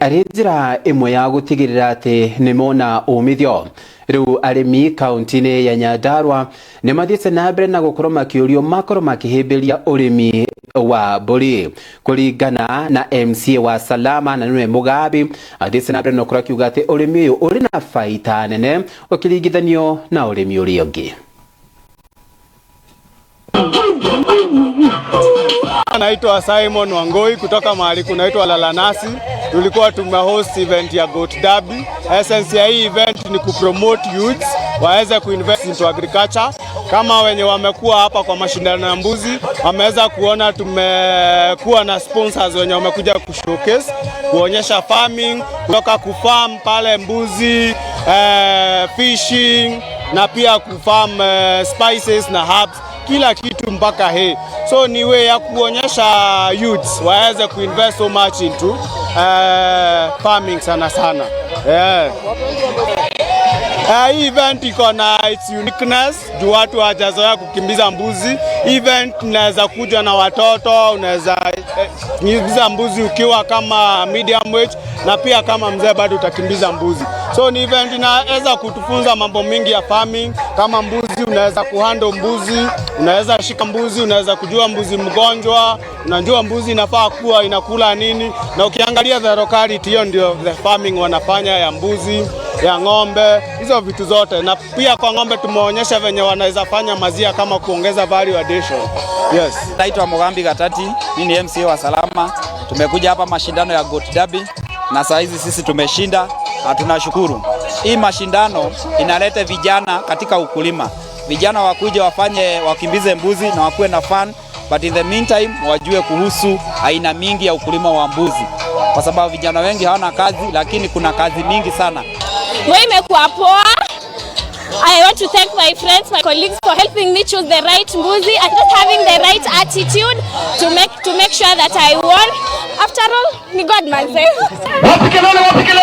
arä njä mwe ya ra atä nä mona umithio rĩu arĩmi kaunti-inĩ ya nyandarua nĩ nambere na korwo na å rio makorwo makĩhĩmbĩria ũrĩmi wa kå ringana na mca wa salama na nĩwe mũgambi nambere na mbere na gũkorwo akiuga å yå å rä na baita nene ũkĩringithanio na ũrĩmi ũrĩa ũngĩ anaitwa Simon Wangoi kutoka mahali kunaitwa Lalanasi tulikuwa tumehost event ya goat derby. Essence ya hii event ni kupromote youths waweze kuinvest into agriculture. Kama wenye wamekuwa hapa kwa mashindano ya mbuzi, wameweza kuona tumekuwa na sponsors wenye wamekuja kushowcase, kuonyesha farming kutoka kufarm pale mbuzi, eh, fishing na pia kufarm eh, spices na herbs kila kitu mpaka hii so ni way ya kuonyesha youths waweze kuinvest so much into uh, farming sana sana yeah. Uh, eh, event iko na its uniqueness juu watu hawajazoea kukimbiza mbuzi. Event unaweza kuja na watoto, unaweza eh, kimbiza mbuzi ukiwa kama medium weight, na pia kama mzee bado utakimbiza mbuzi. So ni event inaweza kutufunza mambo mingi ya farming, kama mbuzi, unaweza kuhandle mbuzi, unaweza shika mbuzi, unaweza kujua mbuzi mgonjwa, unajua mbuzi inafaa kuwa inakula nini. Na ukiangalia the locality, hiyo ndio the farming wanafanya ya mbuzi ya ng'ombe, hizo vitu zote. Na pia kwa ng'ombe tumeonyesha venye wanaweza fanya mazia kama kuongeza value addition. Yes. Naitwa Mogambi Gatati, mimi ni MCA wa Salama. Tumekuja hapa mashindano ya Goat Derby na saa hizi sisi tumeshinda na tunashukuru. Hii mashindano inaleta vijana katika ukulima, vijana wakuje wafanye wakimbize mbuzi na wakuwe na fun, but in the meantime wajue kuhusu aina mingi ya ukulima wa mbuzi, kwa sababu vijana wengi hawana kazi, lakini kuna kazi mingi sana. Mwe imekuwa poa. I want to thank my friends, my colleagues for helping me choose the right mbuzi and just having the right attitude to make, to make sure that I won. After all, ni God man.